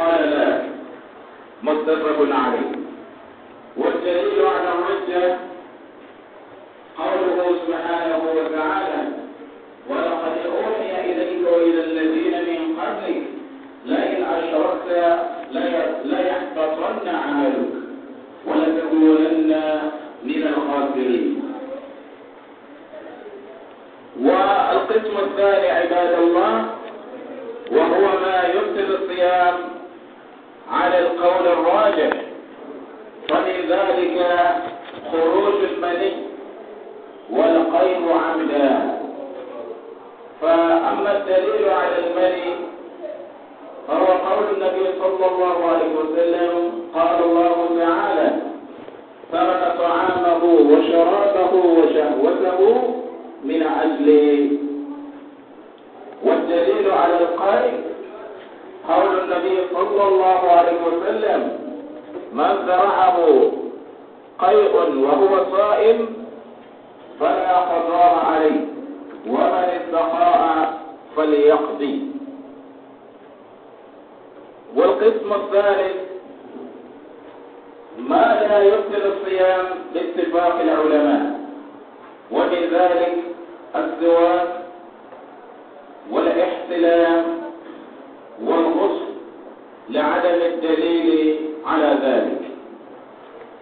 قال لا متفق عليه والدليل على الرجة قوله سبحانه وتعالى ولقد أوحي إليك وإلى الذين من قبلك لئن أشركت ليحبطن عملك ولتكونن من الخاسرين والقسم الثاني عباد الله وهو ما يبطل الصيام على القول الراجح فلذلك خروج المني والقيم عمدا فأما الدليل على المني فهو قول النبي صلى الله عليه وسلم قال الله تعالى ترك طعامه وشرابه وشهوته من أجل صلى الله عليه وسلم من زرعه قيء وهو صائم فلا قضاء عليه ومن اتقاء فليقضي والقسم الثالث ما لا يبطل الصيام باتفاق العلماء ومن ذلك الزواج والاحتلام لعدم الدليل على ذلك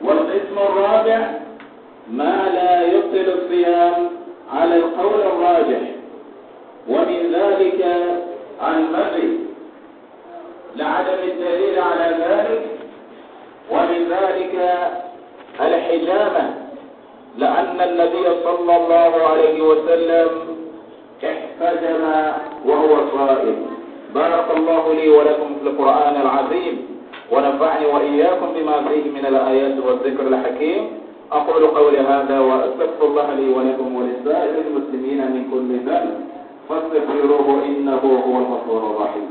والقسم الرابع ما لا يبطل الصيام على القول الراجح من الآيات والذكر الحكيم أقول قولي هذا وأستغفر الله لي ولكم ولسائر المسلمين من كل ذنب فاستغفروه إنه هو الغفور الرحيم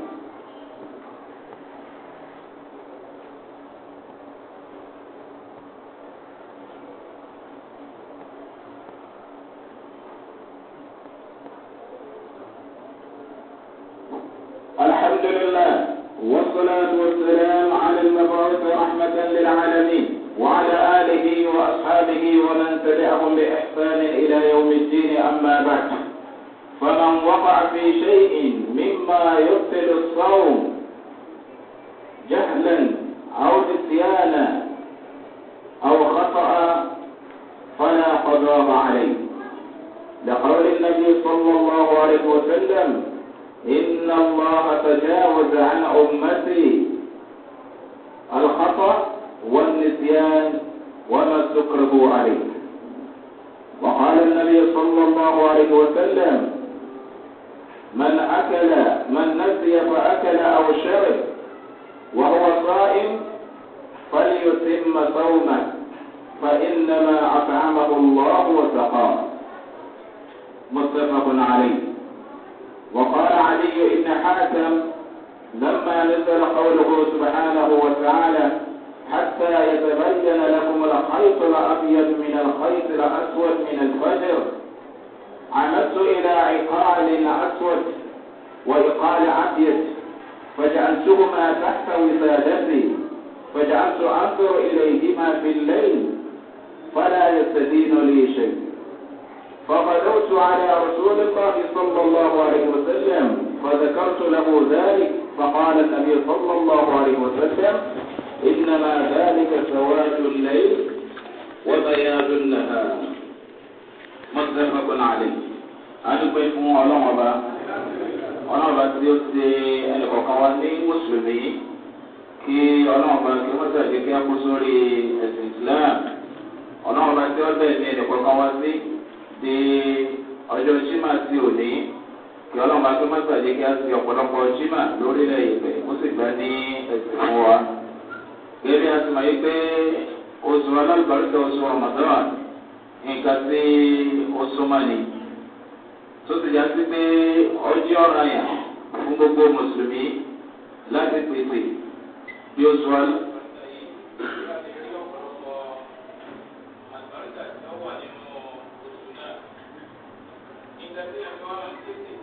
رحمة للعالمين وعلى آله وأصحابه ومن تبعهم بإحسان إلى يوم الدين أما بعد فمن وقع في شيء مما يبطل الصوم جهلا أو نسيانا أو خطأ فلا قضاء عليه لقول النبي صلى الله عليه وسلم إن الله تجاوز عن أمتي الخطأ والنسيان وما تكرهوا عليه وقال النبي صلى الله عليه وسلم من أكل من نسي فأكل أو شرب وهو صائم فليتم صومه فإنما أطعمه الله وسقاه متفق عليه وقال علي إن حاتم لما نزل قوله سبحانه وتعالى حتى يتبين لكم الخيط الأبيض من الخيط الأسود من الفجر عمدت إلى عقال أسود وعقال أبيض فجعلتهما تحت وسادتي فجعلت أنظر إليهما في الليل فلا يستدين لي شيء فغدوت على رسول الله صلى الله عليه وسلم فذكرت له ذلك فقال النبي صلى الله عليه وسلم إنما ذلك سواد الليل وبياض النهار متفق عليه adúgbò fún ọlọ́run ọba ọlọ́run ọba tí ó ṣe ẹnìkọ̀ọ̀kan wá ní mùsùlùmí kí ọlọ́run ọba kí wọ́n tẹ̀lé kí wọ́n kó sórí ẹ̀sìn islam ọlọ́run ọba tí ó bẹ̀ ní ẹnìkọ̀ọ̀kan wá sí di ọjọ́ jimá sí òní kí ọlọ́run bá tó má gbàdé kí á ti ọ̀pọ̀lọpọ̀ jimá lórílẹ̀ ìgbẹ́ ó sì gbà ní ẹ̀sìn fún wa. gẹ́gẹ́ a ti mọ̀ yí pé oṣù alábàárìkà oṣù ramadan nǹkan tí oṣù mani tó ti yá sí pé ọjọ́ ọ̀ràn yà fún gbogbo mùsùlùmí láti pèsè bí oṣù alábàárìkà. Thank you.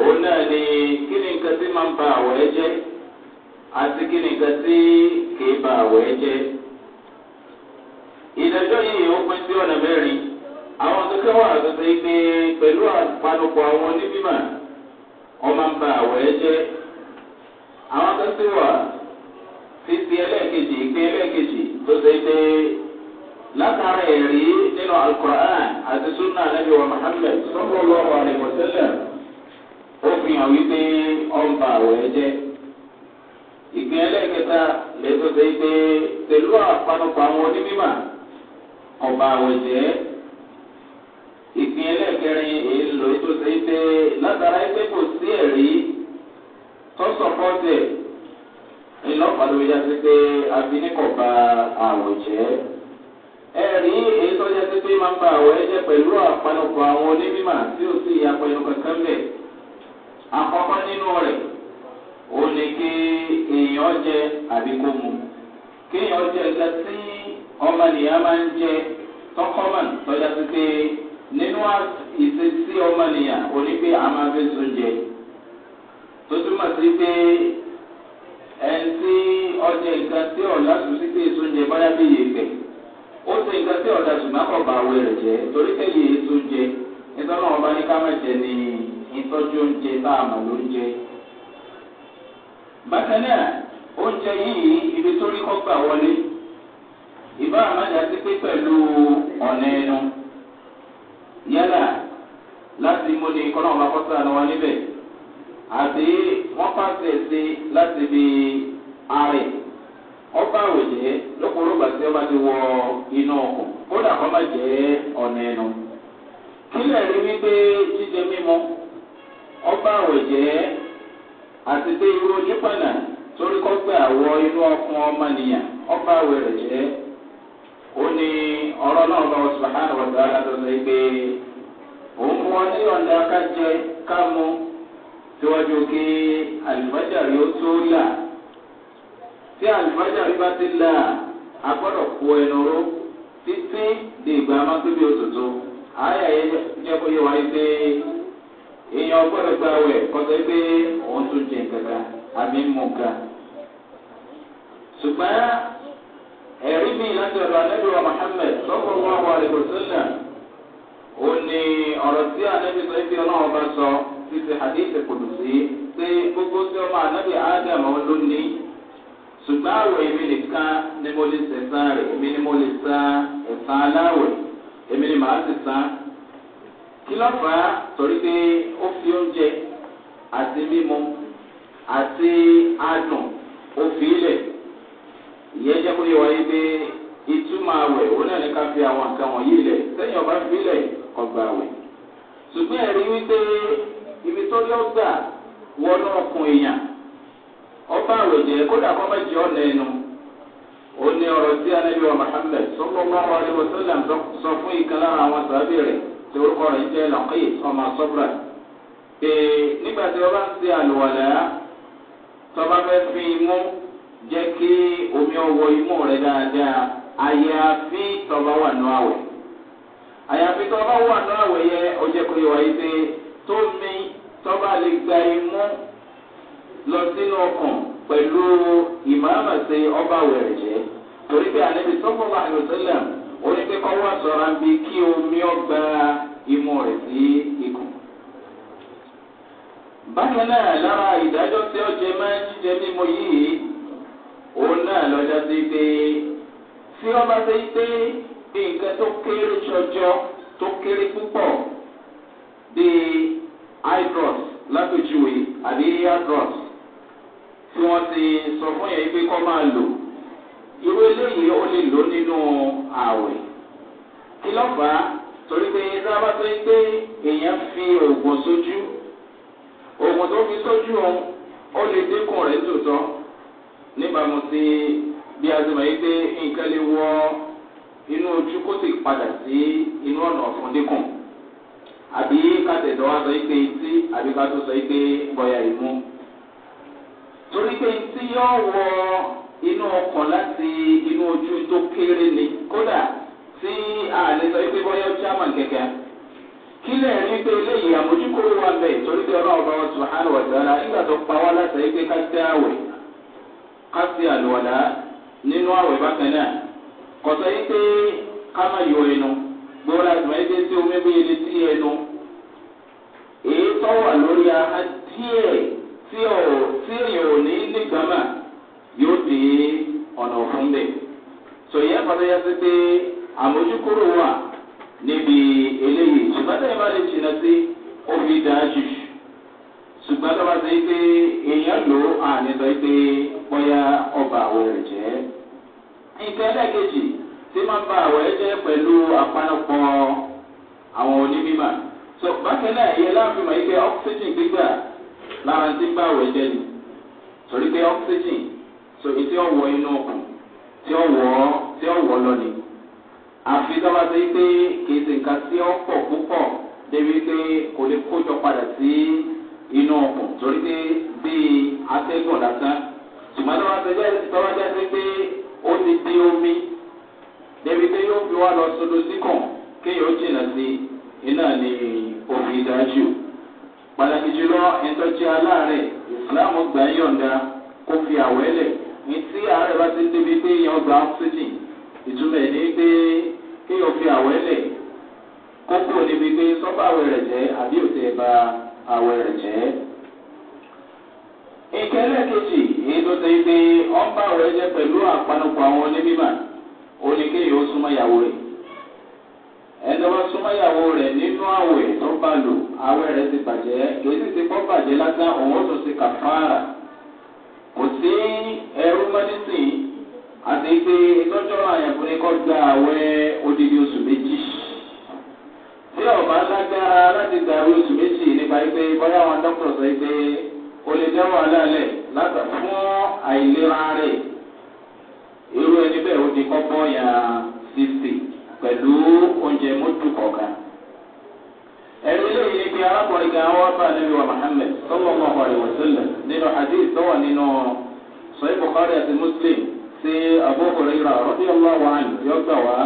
òun ni kini ni nǹkan ma ba àwọ̀ ba àwọ̀ ẹ jẹ́. yìí ó pín sí ọ̀nà mẹ́rin àwọn kankan wà tó ṣe pé pẹ̀lú àpanupọ̀ àwọn onímọ̀ wọ́n ń ba àwọ̀ ẹ àwọn wà títí ẹlẹ́ẹ̀kejì látara ẹ̀rí nínú alukur'an àti sunna anabi wa muhammed sallallahu alayhi wa sallam ó fi hàn wípé ọ̀nba àwọ̀ ẹ̀jẹ̀ ìgbìn ẹlẹ́ẹ̀kẹta lẹ́tọ́ sẹ́yìn pé pẹ̀lú àpanupọ̀ àwọn onímọ̀ ọ̀ba àwọ̀ ẹ̀jẹ̀ ìgbìn ẹlẹ́ẹ̀kẹrin èèlò ètò sẹ́yìn pé látara ẹgbẹ́ kò sí ẹ̀rí tọ́sọ̀pọ̀tẹ̀ ńlọ́pàá ló yá sí pé abiníkọ̀ ba ẹ̀jẹ̀ ẹ̀rí èyí tó yẹ sí pé máa ń ba àwọ̀ ẹ̀jẹ̀ pẹ̀lú àpalọ̀pọ̀ àwọn onímọ̀ tí ó sì apẹ̀lú kankan bẹ̀. àkọ́kọ́ nínú rẹ̀ ó ní kí èèyàn jẹ àbí kó mu kéèyàn jẹ nǹkan tí ọmọnìyàn máa ń jẹ tọkọ́mọ̀ tọ́já sí pé nínú ìṣesí ọmọnìyàn ó ní pé a máa fi sùn jẹ tó túmọ̀ sí pé ẹni tí ọjẹ nǹkan tí ọ̀la sùn sí pé sùn jẹ báyà bí yèé pẹ̀ ó ṣe nǹkan tí ọ̀dà ṣùgbọ́n kọ̀ bá awé rẹ̀ jẹ́ torí kẹ́yìn èso jẹ ìtọ́nà ọba ní ká mẹ́jẹ ni ìtọ́jú oúnjẹ tá a mọ̀ lóúnjẹ. bákan náà oúnjẹ yìí ibi tó rí kọ́gbà wọlé ìbá àmàjà ti pé pẹ̀lú ọ̀nà ẹnu yálà láti mú ní kọ́nà ọba kọ́sà ni wọ́n níbẹ̀ àti wọ́n pàṣẹ sí láti bí arẹ̀. ọba àwòjẹ lọ́pọ̀lọpọ̀ àti ti wọ inú ọkọ̀ kódà kọ́ bá jẹ́ ọ̀nà ẹnu. kílẹ̀ rí wípé jíjẹ mímu ọba àwòjẹ àti pé irú torí kọ́ pé àwọ̀ inú ọkùn ọmọnìyàn ọba àwẹ̀ ó ní ọ̀rọ̀ náà pé òun fún tí àlùfáàjà rí bá ti là á gbọ́dọ̀ kó ẹnu ró títí di ìgbà mọ́tòbí òtútù àyà yẹn jẹ́ kó yẹ wáyé pé èèyàn gbọ́dọ̀ gba awẹ̀ kọ́tọ́ pé òun tún jẹ kankan àbí mú nǹkan. ṣùgbọ́n ẹ̀rí mi láti ọ̀dọ̀ anábìwá muhammed sọ́kọ̀ wọn wà lẹ́kọ̀ọ́ sílẹ̀ ó ní ọ̀rọ̀ tí anábì sọ ibi ọlọ́run bá sọ títí hadith kùdùsí pé gbogbo tí ọmọ anábì ádàmọ́ ló ṣùgbọ́n àwẹ̀ èmi nìkan ni mo lè sẹ̀sán rẹ̀ èmi ni mo lè san ẹ̀sán aláwẹ̀ èmi ni màá sì san. kí ló fà á torí pé ó fi oúnjẹ àti mímu àti adùn ó fi ilẹ̀ ìyẹn jẹ́ kó yẹ wáyé pé ìtumọ̀ àwẹ̀ òun náà ní ká fi àwọn nǹkan wọ̀nyí ilẹ̀ sẹ́yìn ọba fi ilẹ̀ ọgbà àwẹ̀ ṣùgbọ́n ẹ̀rí wípé ibi tó lọ́gbà wọnú ọkùn èèyàn lò jẹ́ kódà kọ́ bá jẹ́ ọ̀nà ẹnu. ó ní ọ̀rọ̀ tí anábìwá muhammed sọ́kọ́kọ́ ọ̀rẹ́ wọ́sọ́làm sọ fún ìkan lára àwọn sàbẹ̀ rẹ̀ tí orúkọ rẹ̀ jẹ́ lọ́kì ọmọ sọ́bùrà. pé nígbà tí wọ́n bá ń ṣe àlùwàlà tó bá fẹ́ fi imú jẹ́ kí omi ọwọ́ imú rẹ̀ dáadáa àyàfi tó bá wà nù àwẹ̀. àyàfi tó bá wà nù àwẹ̀ yẹ ọjọ́ kò yẹ wáyé pé tó mi tó bá lè gba imú lọ sínú ọkàn pẹ̀lú ìmáàmà ṣe ọba wẹ̀rẹ̀ jẹ́ torí pé àlẹ́ bíi sọ́kọ̀ọ́ àlùsílẹ̀ oníkẹ́ kọ́ wá sọ̀rọ̀ bí kí omi ọgbà imú rẹ̀ sí ikùn. bákan náà lára ìdájọ́ tí ó jẹ máa ń jíjẹ mímu yìí òun náà lọ́jọ́ sí pé tí wọ́n bá ṣe pé bí nǹkan tó kéré ṣọjọ́ tó kéré púpọ̀ bíi hydros lápèjúwe àbí hydros tí wọ́n ti sọ fún yẹn pé kọ́ máa lò irú eléyìí ó lè lò nínú ààwẹ̀ kí ló fà á torí pé tá a bá tó ń gbé èèyàn fi oògùn sójú oògùn tó fi sójú òun ó lè dínkù rẹ̀ tòótọ́ níbàámu sí bí a ti mọ̀ yìí pé nǹkan lè wọ inú ojú kó sì padà sí inú ọ̀nà ọ̀fun dínkù àbí ká tẹ̀dọ̀ wá sọ pé etí àbí ká tó sọ pé bọ́yá ìmú torí pé tí yóò wọ inú ọkọ̀ láti inú ojú tó kéré ni kódà tí àlè sọ pé bọ́yá german kẹ̀kẹ́ kílẹ̀ rí pé eléyìí àmójúkúrò wà bẹ́ẹ̀ torí pé ọlọ́run bá wọn subhanahu wa ta'ala nígbà tó pa wá láti ẹgbẹ́ kásí àwẹ̀ kásí àlùwàlá nínú àwẹ̀ bákan náà kọ̀tọ́ yìí pé ká má yọ ẹnu gbọ́dọ̀ láti máa ń dé omi bí ẹni sí ẹnu èyí tọ́wà lórí aha díẹ̀ tí ò tí èèyàn ò ní nígbàmà yóò dé ọ̀nà òfin bẹ̀. sòyìn àpàtà yá sí pé àmójúkúrò wà níbi eléyìí ṣùgbọ́n tẹ̀yìn bá lè ṣìnà sí ó fi dáa jù ṣùgbọ́n tó bá ti pé èèyàn lò ó àní sọ pé bóyá ọba àwọ̀ rẹ̀ jẹ́. nǹkan ẹlẹ́ẹ̀kejì tí máa ń àwọ̀ ẹ jẹ́ pẹ̀lú àpanupọ̀ àwọn onímọ̀. sọ bákan náà láàfin mọ̀ yìí pé ọ́ksíjìn gbígbà lára tí ń bá àwẹ̀ jẹ́ ni torí pé oxygen so tí ó wọ inú ọkùn tí ó wọ tí ó wọ lọ ni àfi tọ́ba tó yí pé kìí ṣe nǹkan tí ó pọ̀ púpọ̀ débi pé kò lè kójọ padà sí inú ọkùn torí pé bíi atẹ́gùn lásán ṣùgbọ́n tọ́ba tó jẹ́ tọ́ba jẹ́ sí pé ó ti di omi débi pé yóò fi wá lọ sódò síkàn kéèyàn ó jìnnà sí iná ni òfin dájú pàtàkì jùlọ ẹ̀ńtọ́jú aláàárẹ̀ ìsìláàmù gbà ń yọ̀ǹda kó fi àwẹ́lẹ̀ ní tí àárẹ̀ bá ti ń débi pé èèyàn gba oxygen ìtumọ̀ ẹ̀ ní pé kéèyàn fi àwẹ́lẹ̀ kókó níbi pé sọ́bà àwẹ̀ rẹ̀ jẹ́ àbí òtẹ́ ba àwẹ̀ rẹ̀ jẹ́. ìkẹ́lẹ̀ kejì èyí tó ti pé ọ̀nbà àwẹ̀ jẹ́ pẹ̀lú àpanupọ̀ àwọn onímọ̀ oníkéèyàn ó súnmọ́ ìyàwó rẹ̀ ẹni wá súnmọ́ ìyàwó rẹ̀ nínú àwẹ̀ tó bá lò àwẹ̀ rẹ̀ ti bàjẹ́ kìí ti kọ́ bàjẹ́ lásán òun tó ti kàfàrà kò sí ẹrú mọ́nísì àti pé ìtọ́jọ́ àyànfọ́ni kọ́ gba àwẹ̀ odidi oṣù méjì tí ọ̀bá lágbára láti gba àwẹ̀ oṣù méjì nípa pé bọ́yá àwọn dókítà sọ pé o lè dá wàhálà lẹ̀ látà fún àìlera rẹ̀ irú ẹni bẹ́ẹ̀ ó ti kọ́ bọ́ọ̀yà fífi pẹ̀lú oúnjẹ mójú kọ̀ọ̀kan. ẹ̀rí lẹ́yìn ibi arákùnrin kan wọ́n bá níbi wa muhammed sọ́wọ́ ọmọ àlè wọ̀sílẹ̀ nínú hadith tó nínú sọ́yìn bukhari àti muslim sí abúkùnrin rà rọ́bì ọlọ́wọ́ àyè yọ gbà wá.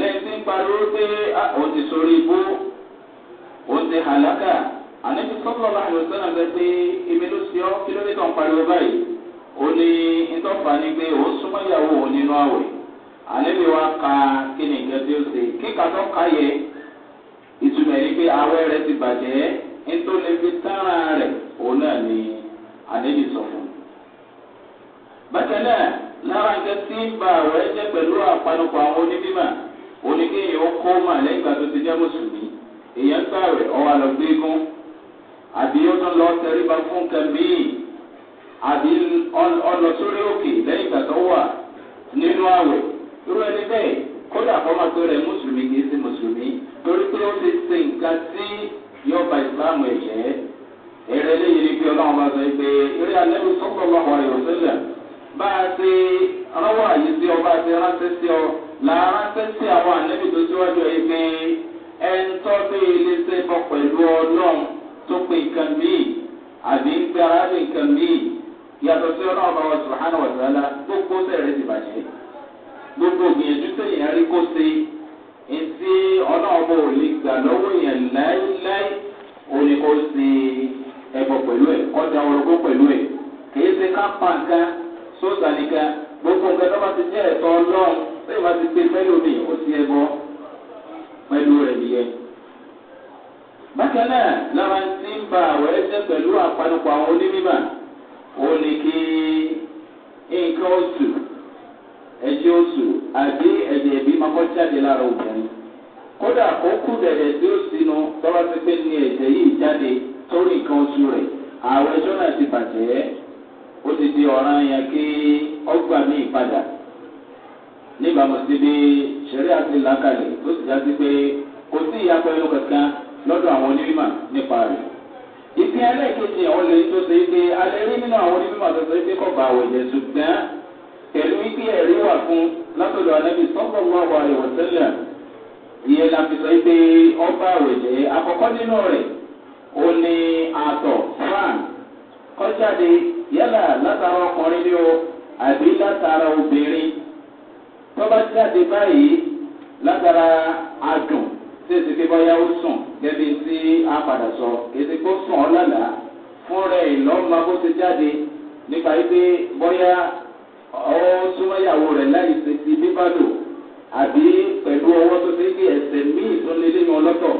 lẹ́yìn tí ń pariwo pé òun ti sori ibú òun ti hàlákà àníbi sọ́wọ́ ọmọ àlè wọ̀sílẹ̀ bẹ́ẹ̀ pé èmi ló ṣe ọ́ kí ló dé tó ń pariwo báyìí. ó ní ìtọ́fà ni pé àlejò wa ka kí ni nǹkan tí ó ṣe kíkà tó ka yẹ ìtumọ̀ ẹni pé awẹ́ rẹ ti bàjẹ́ nítorí lè fi tára rẹ̀ òun náà ni àlejò sọ fún. bákan náà lára nǹkan tí ń ba àwẹ̀ jẹ́ pẹ̀lú àpanupọ̀ àwọn onímọ̀ oníkéèyàn ó kó mà lẹ́yìn ìgbà tó ti jẹ́ mùsùlùmí èèyàn gbà rẹ̀ ọwọ́ àlọ́gbẹ́gún àbí ó tún lọ tẹríba fún kẹ́míì àbí ọlọ sórí òkè lẹ́yìn ìgbà tó wà nínú àwẹ̀ irú ẹni bẹ́ẹ̀ kódà fọmọ tó rẹ̀ mùsùlùmí kì í ṣe mùsùlùmí torí pé ó ti ṣe nǹkan tí yóò ba ìsìláàmù ẹ̀ jẹ́ èrè eléyìí ni pé ọlọ́run bá sọ pé eré alẹ́bí sọ́kọ̀ bá wà yọ̀ sílẹ̀ bá a ti rọ́wọ́ àyè sí ọ bá a ti ránṣẹ́ sí ọ làáránṣẹ́ sí àwọn àlẹ́bí tó síwájú ẹ pé ẹn tọ́ bí ilé ṣe bọ́ pẹ̀lú ọlọ́run tó pe nǹkan míì àbí ń pe arábìnrin nǹkan míì yàtọ̀ sí ọlọ́run bá wà sùhánà wà sàlá gbogbo sẹ́ẹ̀rẹ́ ti bàjẹ́ gbogbo ìgbìyànjú tẹ̀yìn rí kó ṣe ntí ọlọ́ọ̀bọ ò lè gbà lọ́wọ́ yẹn láéláé òní kó ṣe ẹ̀bọ pẹ̀lú ẹ̀ ọjà orogún pẹ̀lú ẹ̀ kìí ṣe kápá nǹkan sóòtà nìkan gbogbo nǹkan tó bá ti jẹ́ ẹ̀tọ́ ọlọ́run tẹ́yìn bá ti gbé mẹ́lòmí ó ti ẹ̀bọ pẹ̀lú rẹ̀ nìyẹn. bákan náà lára ti ń ba àwọ̀ ẹ̀jẹ̀ pẹ̀lú àpanupọ̀ àwọn onímọ̀ òní kí nǹkan oṣù ẹ̀jẹ̀ oṣù àbí ẹ̀jẹ̀ ẹ̀bí máa kọ́ jáde lára obìnrin. kódà kó kú dẹ̀dẹ̀ tí ó sinú tọ́lá ti pé ní ẹ̀jẹ̀ yìí jáde torí nǹkan oṣù rẹ̀ àwọn ẹjọ́ náà ti bàjẹ́ ó ti di ọ̀ràn yẹn kí ọgbà míì padà níbàámu sí bí ṣẹ̀rí àti làákàlẹ̀ tó sì jáde pé kò sí ìyàpọ̀ ẹnu kankan lọ́dọ̀ àwọn onímọ̀ nípa rẹ̀. ìpín ẹlẹ́ẹ̀kejì àwọn tó ṣe é pé alẹ́ rí nínú àwọn onímọ̀ tó ṣe é pé kọ̀ pé ẹ̀rí wà fún látọ̀dọ̀ anábì sọ́kọ̀ wà wà ẹ̀wọ̀ tẹ́lẹ̀ ìyẹn la fi sọ pé ọba àwẹ̀ jẹ́ àkọ́kọ́ nínú rẹ̀ ó ní àtọ̀ fran kọjáde yálà látara ọkùnrin ni o àbí látara obìnrin tọ́ba jáde báyìí látara adùn tí èsì pé báyà ó sùn gẹ́gẹ́ bí tí a padà sọ èsì pé ó sùn ọ́ lálàá fúnra ẹ̀ lọ́ọ́ máa bó ti jáde nípa yìí pé bóyá ọwọ́ súnmọ́yàwó rẹ̀ láì ṣe ti bíbádò àbí pẹ̀lú ọwọ́ tó ṣe pé ẹ̀sẹ̀ míì tó lé lé wọn lọ́tọ̀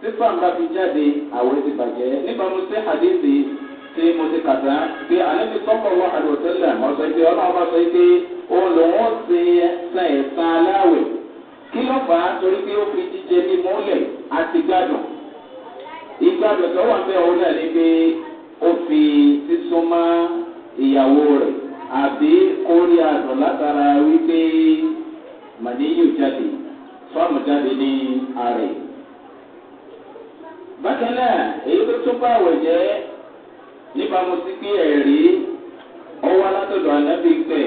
sípà ń bá fi jáde àwẹ̀ ti bàjẹ́ níbàámu sí àdéhìí tí mo ti kàtà pé àlẹ́bí sọ́kọ̀ wọ àdòtẹ́lẹ̀ ọ̀sọ̀ ìpè ọlọ́run bá sọ pé òun lòun ṣe san ẹ̀san aláwẹ̀ kí ló fà á torí pé ó fi jíjẹ ní mọ́lẹ̀ àti gbádùn ìgbádùn tó wà ń bẹ́ òun náà ní pé ó fi sísúnmọ́ ìyàwó rẹ̀ àbí kó ní àtọ̀ látara wípé màníyù jáde fọ́ọ̀mù jáde ní ààrẹ. bákan náà èyí tó tún bá àwẹ̀ jẹ́ níbàámu sí pé ẹ̀rí ọwọ́ alátọ̀dọ̀ ànábì pẹ̀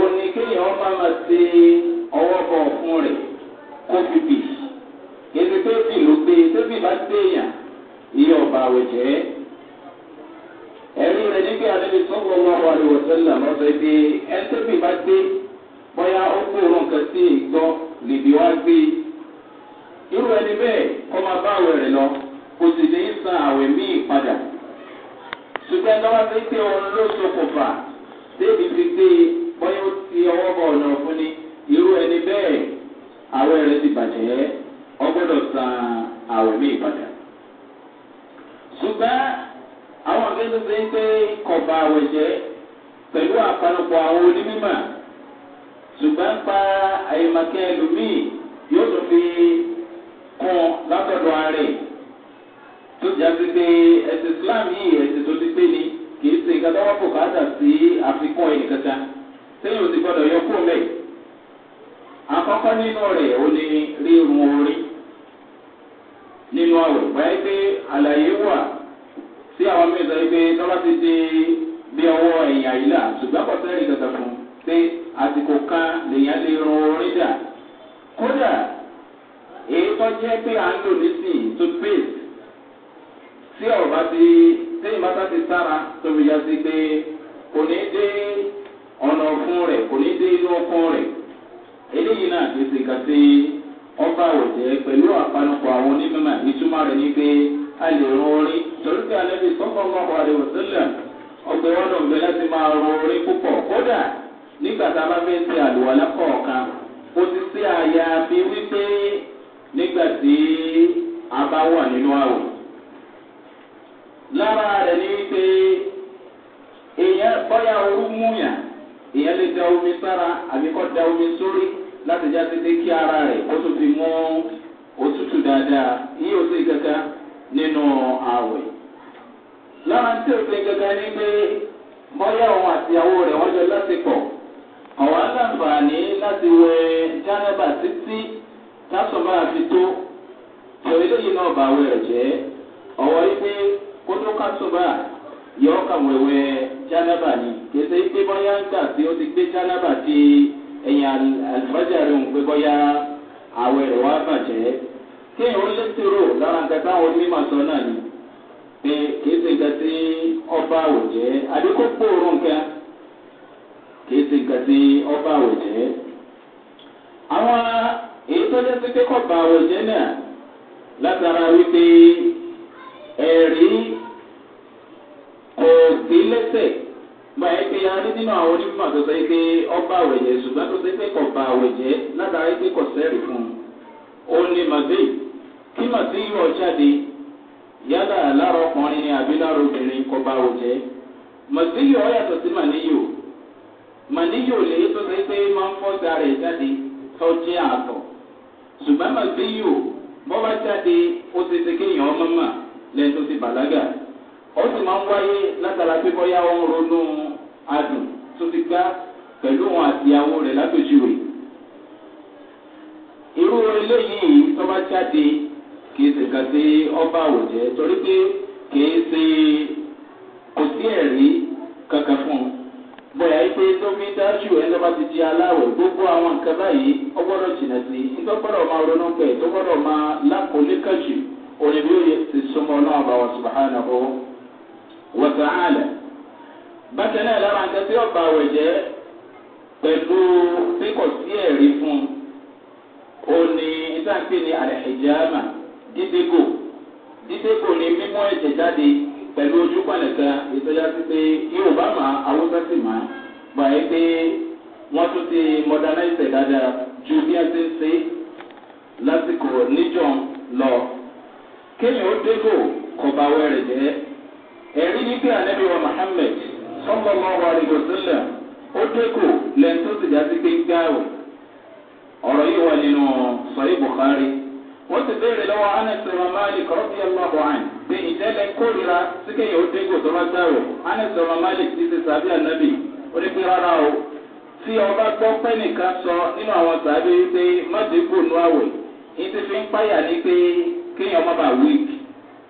òní kéèyàn máa ṣe ọwọ́ bọ̀ fún rẹ̀ kó fi bì. kí ló gbé bá gbé yàn iye ọba àwẹ̀ jẹ́. àlejò sọ́kọ̀ wọn wà lọ́wọ́ sẹ́lẹ̀ lọ́sọ̀ ibi ẹ̀ńtẹ́bì bá gbé bóyá ó kó òun kan sí ìgbọ́ níbi wá gbé irú ẹni bẹ́ẹ̀ kọ́ máa bá àwẹ̀ rẹ̀ lọ kò sì ní san àwẹ̀ míì padà ṣùgbọ́n ẹni wá sí pé òun ló ṣokùnfà débi fi gbé bóyá ó ti ọwọ́ bọ̀ ọ̀nà fún ni irú ẹni bẹ́ẹ̀ àwẹ̀ rẹ̀ ti bàjẹ́ ọgbọ́dọ̀ san àwẹ̀ míì padà ṣùgbọ́n àwọn ọ̀gá tó ṣe ń pé kọ̀ọ̀bà àwẹ̀ jẹ́ pẹ̀lú àparapọ̀ àwọn onímọ̀ ṣùgbọ́n pa àyèmàkẹ́ ẹlòmíì yóò tún fi kún látọ̀dọ̀ ààrẹ tó jà sí pé ẹ̀sìn islam yìí ẹ̀sìn tó ti pé ni kì í ṣe ìkàtàwọ́ bùkátà sí àfikún ẹ̀yìn kankan sẹ́yìn ò ti gbọ́dọ̀ yọ kúrò mẹ́ẹ̀. akọ́kọ́ nínú rẹ̀ ó ní rírun orí nínú àwẹ̀ báyìí pé àlàyé wà àwọn mí sọ pé tọ́lá ti di bí ọwọ́ ẹ̀yìn àyílà ṣùgbọ́n pọ̀tẹ́ ẹ̀rí kankan fún pé àsìkò kan lèèyàn lè rún orí dà kódà èyí tó jẹ́ pé à ń lò nísìn toothpaste tí ọ̀rọ̀ ti téyìn bá ti sára tó fi yá sí pé kò ní dé ọ̀nà ọ̀fun rẹ̀ kò ní dé inú ọkọ rẹ̀ eléyìí náà ti ṣe kàn ọba òjẹ́ pẹ̀lú àpanupọ̀ àwọn onímọ̀ ìtumọ̀ rẹ̀ ni pé a lè rún orí. torí pé alẹ́bí sọ́kànlá ọ̀rẹ́ òsínlẹ̀ ọgbẹ́ wọn ti máa ro orí púpọ̀ kódà nígbà tá a bá fẹ́ ṣe àlùwalẹ́ ti a bá wà nínú lára rẹ̀ ni wípé èèyàn bọ́yá orú múyàn èèyàn lè da omi sára da omi sórí láti já títí kí ara rẹ̀ ó tún fi mú òtútù dáadáa kankan nínú àwẹ̀. lára tí òfin gẹ́gẹ́ ní pé bọ́yá òun àti ìyàwó rẹ̀ wọ́n jọ lásìkò ọ̀wá láǹfààní láti wẹ jánẹ́bà títí tásùn a fi tó torí lóyìn náà bá wẹ̀ rẹ̀ jẹ́ ọ̀wọ́ wípé kótó kásùbà yọ ọkàn wẹ̀wẹ̀ jánẹ́bà ni kèsè pé bọ́yá ń gbà tí ó ti gbé jánẹ́bà ti ẹ̀yìn àlùfájà rẹ̀ ń pé bọ́yá àwẹ̀ rẹ̀ wá bàjẹ́ kéèyàn ó lé tèrò lára nǹkan táwọn onímọ̀ náà ni. pé kìí ṣe nǹkan tí ọba àwòjẹ́ àdínkù gbòòrò nǹkan kìí ṣe nǹkan tí ọba àwòjẹ́. àwọn èyí tó jẹ́ bá pé kọ̀ọ̀bà náà látara wípé ẹ̀rí kò sí lẹ́sẹ̀ báyìí pé a nínú àwọn onímọ̀ tó sọ pé ọba ṣùgbọ́n tó yálà lára ọkùnrin ni àbí lára obìnrin kọ bá o jẹ́ màsíyì ọ yàtọ̀ sí màníyò màníyò lè tó ṣe pé máa ń fọ́ sára ẹ̀ jáde tó jẹ́ àtọ̀ ṣùgbọ́n màsíyò bọ́ bá jáde ó ti ṣe kéèyàn ọmọ mà lẹ́yìn tó ti bàlágà ó sì máa ń wáyé látara pé bọ́yá ó ń ronú adùn tó ti gbá pẹ̀lú òun àti ìyàwó rẹ̀ látòjúwe irú eléyìí tó bá jáde. kìí ṣe nǹkan tí ọba àwòjẹ torí pé kìí ṣe kò sí ẹ̀rí kankan fún un bóyá ipe tómi dájú ẹni bá ti di aláwẹ̀ gbogbo àwọn nǹkan báyìí ó gbọ́dọ̀ jìnà sí i tó gbọ́dọ̀ máa ronú pẹ̀ tó gbọ́dọ̀ máa lákòólé kàjù òní bí ó yẹ ti súnmọ́ náà bá wa subahana o wọ́n sàn án lẹ̀. bákan náà lára nǹkan tí ọba àwẹ̀jẹ́ pẹ̀lú tí kò sí ẹ̀rí fún un ní àlẹ́ ìjẹ́ àmà dídégò dídégò ni mímú ẹ̀jẹ̀ jáde pẹ̀lú ojú pàlẹ̀kà ìtọ́já sí pé yóò bá mà awúsá sì mà gbà yí pé wọ́n tún ti modernize ẹ̀ dáadáa ju bí a ti ń ṣe lásìkò níjọ́ lọ. kéèyàn ó dégò kọba wẹ̀rẹ̀ jẹ́ ẹ̀rí ní pé ànábi wa muhammed sọ́kọ̀ wa rìgò ó dégò lẹ́ńtọ́sì jáde pé ọ̀rọ̀ yìí wà nínú sọ̀rí buhari wọ́n sì béèrè lọ́wọ́ anas ọmọ malik rọ́bì ọlọ́bù àn pé ìtẹ́lẹ̀ kórìíra síkẹ́ yóò dégò tó bá dárò anas ọmọ malik ti ṣe sàbí ànábì ó ní pé rárá o tí ọba gbọ́ pẹ́ nìkan sọ nínú àwọn sàbí pé mọ́tìkù nú àwẹ̀ yìí ti fi ń páyà ní pé kéèyàn má bàa wíìkì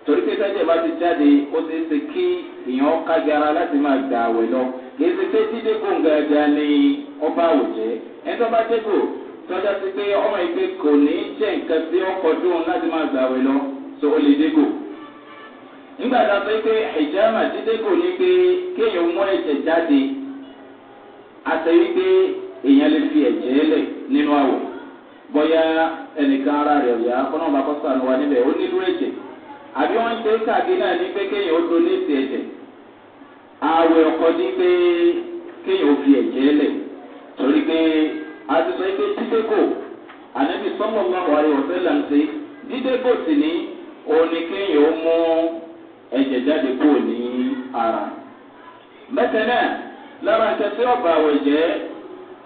torí pé tẹ́jẹ̀ bá ti jáde ó ti ṣe kí èèyàn kájára láti máa gbà àwẹ̀ lọ kì í ṣe pé dídégò tọ́jà ti pé ọmọ yìí pé kò ní jẹ́ nǹkan tí ó kọjú òun láti máa gbàwé lọ so ó lè dégò. nígbà tá a sọ pé ìjàmà dídégò ni pé kéèyàn mú ẹ̀jẹ̀ jáde àtẹ wípé èèyàn lè fi ẹ̀jẹ̀ lẹ̀ nínú àwọ̀ bóyá ẹnìkan ara rẹ̀ ọ̀yà kọ́nà bá kọ́sà lọ́wọ́ níbẹ̀ ó nílò ẹ̀jẹ̀ àbí wọ́n ṣe kàdé náà ní pé kéèyàn ó donate ẹ̀jẹ̀ ààwẹ̀ ọkọ̀ ní pé kéèyàn ó fi ẹ̀jẹ̀ lẹ̀ torí pé àti sọ pé dídégò ànábì sọ́mọ̀ lọ́wọ́ ayé ọ̀fẹ́ là ń ṣe dídégò sì ní òní kéèyàn ó mú ẹ̀jẹ̀ jáde kó ní ara. bẹ́ẹ̀ náà lára nǹkan tí ọ̀bà àwẹ̀ jẹ́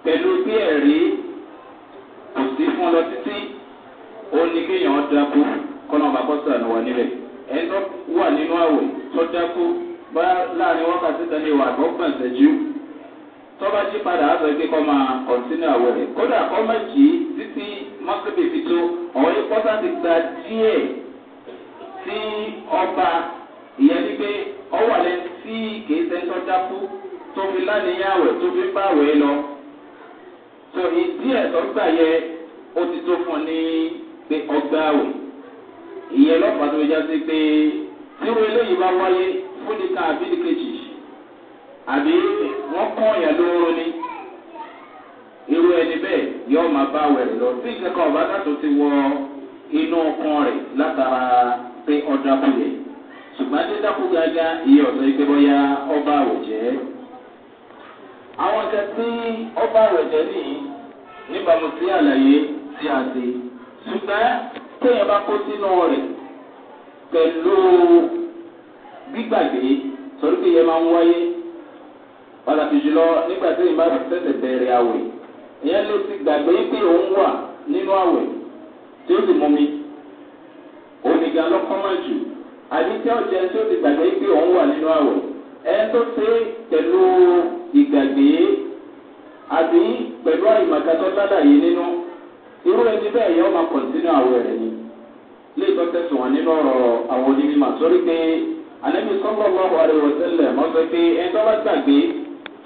pẹ̀lú bí ẹ̀rí kò sí fún lọ títí òní kéèyàn ó dákú kọ́nà ọba kọ́sà ni wà níbẹ̀ ẹ̀ńtọ́ wà nínú àwẹ̀ tó dákú bá láàrin wákàtí tẹ́lẹ̀ wà gbọ́gbọ̀n ṣẹ́jú tọ́ba jí padà á sọ pé kọ́ máa kọ̀ntínú àwọ̀ rẹ̀ kódà kọ́ má jì í títí mọ́sibí fi tó ọ̀hún ní pọ́tà ti gba díẹ̀ tí ọba ìyẹn ní pé ọwọ́ alẹ́ tí kìí sẹ́ńtọ́ dákú tó fi lánìyàn àwẹ̀ tó fi bá àwẹ̀ lọ. sọ ìdí ẹ̀tọ́ gbà yẹ ó ti tó fún ní pé ọgbà àwẹ̀ ìyẹn lọ́pàá tó yá sí pé tíro eléyìí bá wáyé fún nìkan àbí nìkejì àbí wọ́n kọ́ yẹn lóró ni irú ẹni bẹ́ẹ̀ yọ máa bá wẹ̀rẹ̀ lọ tí ìkẹ́kọ̀ọ́ ọba dàtò ti wọ inú ọkàn rẹ̀ látara pé ọjà kù yẹ ṣùgbọ́n dídàkú gàgà iye ọ̀sẹ̀ yìí pé bọ́yá ọba àwòjẹ́ àwọn kan tí ọba àwòjẹ́ nìyí níbàámu sí àlàyé tí a ṣe ṣùgbọ́n téèyàn bá kó sínú rẹ̀ pẹ̀lú gbígbàgbé sọ̀rọ̀ pé yẹn máa ń wáyé pàtàkì jùlọ nígbà tí ìmọ̀ tẹ̀sẹ̀ bẹ̀rẹ̀ àwẹ̀ ìyẹn lè ti gbàgbé pé òun wà nínú àwẹ̀ tí ó sì mú mi oníga lọ́kọ́mọ̀ jù àbí tí ọ̀jẹ̀ tí ó ti gbàgbé pé òun wà nínú àwẹ̀ ẹ tó ṣe pẹ̀lú ìgbàgbé àbí pẹ̀lú àyùmọ̀kátọ́ ládàyé nínú irú ẹni bẹ́ẹ̀ yẹn ó máa kọ̀ǹtínú àwẹ̀ rẹ̀ ni lè tọ́ tẹ̀sùn wọn nínú ọ̀rọ̀ àwọn onímọ̀ sórí pé àlẹ́ mi sọ́kọ̀ lọ́wọ́ àrẹwọ̀ mọ́ sọ pé ẹ tọ́lá gbàgbé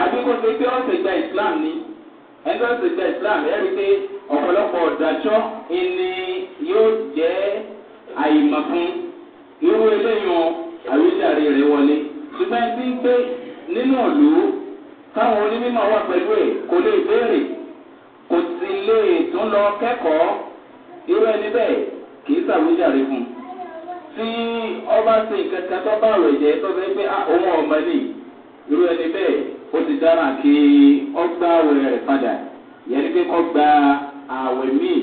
àbí kó ṣe pé ọ̀sẹ̀ gba islam ni ẹni tó ṣe gba islam ẹ̀rí pé ọ̀pọ̀lọpọ̀ ọ̀dàjọ́ ìní yóò jẹ́ àyìnmọ̀ fún irú eléyàn àwíjàre rẹ̀ wọlé ṣùgbọ́n ẹni tí ń gbé nínú ìlú táwọn onímọ̀ wà pẹ̀lú ẹ̀ kò lè béèrè kò sì lè tún lọ kẹ́kọ̀ọ́ irú ẹni bẹ́ẹ̀ kì í ṣàwíjàre fún un tí ọba ṣe nǹkan tó bá rẹ̀ jẹ́ tó fẹ́ pé ah, òun ọ̀mọ́ ni irú ẹni bẹ́ẹ̀ ó ti dára kí ọgbà àwẹ̀ rẹ̀ padà yẹni pé ọgbà àwẹ̀ míì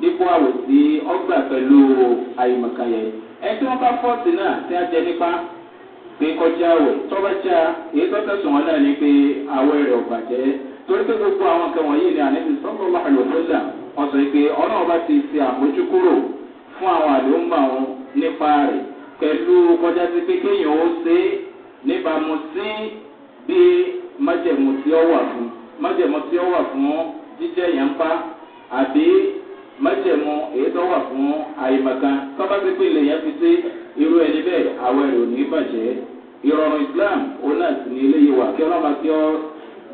dípò àwẹ̀ ọgbà pẹ̀lú àyèmọ̀kàyẹ. ẹni tí bá fọ́ọ̀tì náà tí a jẹ nípa pé kọjá àwẹ̀ tọ́bajá èyí tó tẹ̀sán wọn náà ni pé àwẹ̀ rẹ̀ ò bàjẹ́ torí pé gbogbo àwọn wọ̀nyí ni sọ́kọ̀ wọ́n sọ pé májẹ̀mú tí ó wà fún májẹ̀mú tí ó wà fún jíjẹ́ yẹn ń pa àbí májẹ̀mú èyí tó wà fún àyèmọ̀kan tọ́ba ti pé ilẹ̀ yẹn fi sí irú ẹni bẹ́ẹ̀ àwọn èrò ní bàjẹ́ ìrọ̀rùn islam òun náà sì ní eléyìí wà kí ọlọ́mà kí ọ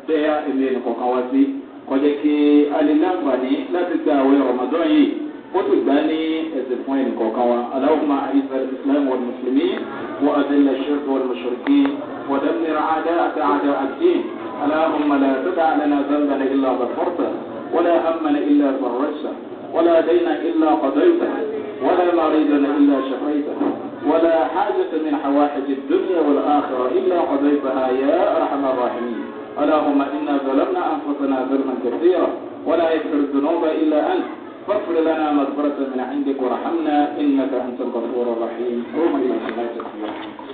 bẹ ẹ̀mí ẹnì wá sí kọjá kí alẹ́ láǹfààní láti gba àwọn ọmọdé yìí. وتباني الزفوين كوكوا اللهم أعز الإسلام والمسلمين وأذل الشرك والمشركين ودمر أعداءك أعداء الدين اللهم لا تدع لنا ذنبا إلا غفرته ولا هما إلا فرجته ولا دينا إلا قضيته ولا مريضا إلا شفيته ولا حاجة من حوائج الدنيا والآخرة إلا قضيتها يا أرحم الراحمين اللهم إنا ظلمنا أنفسنا ظلما كثيرا ولا يكفر الذنوب إلا أنت فاغفر لنا مغفرة من عندك وارحمنا إنك أنت الغفور الرحيم إلى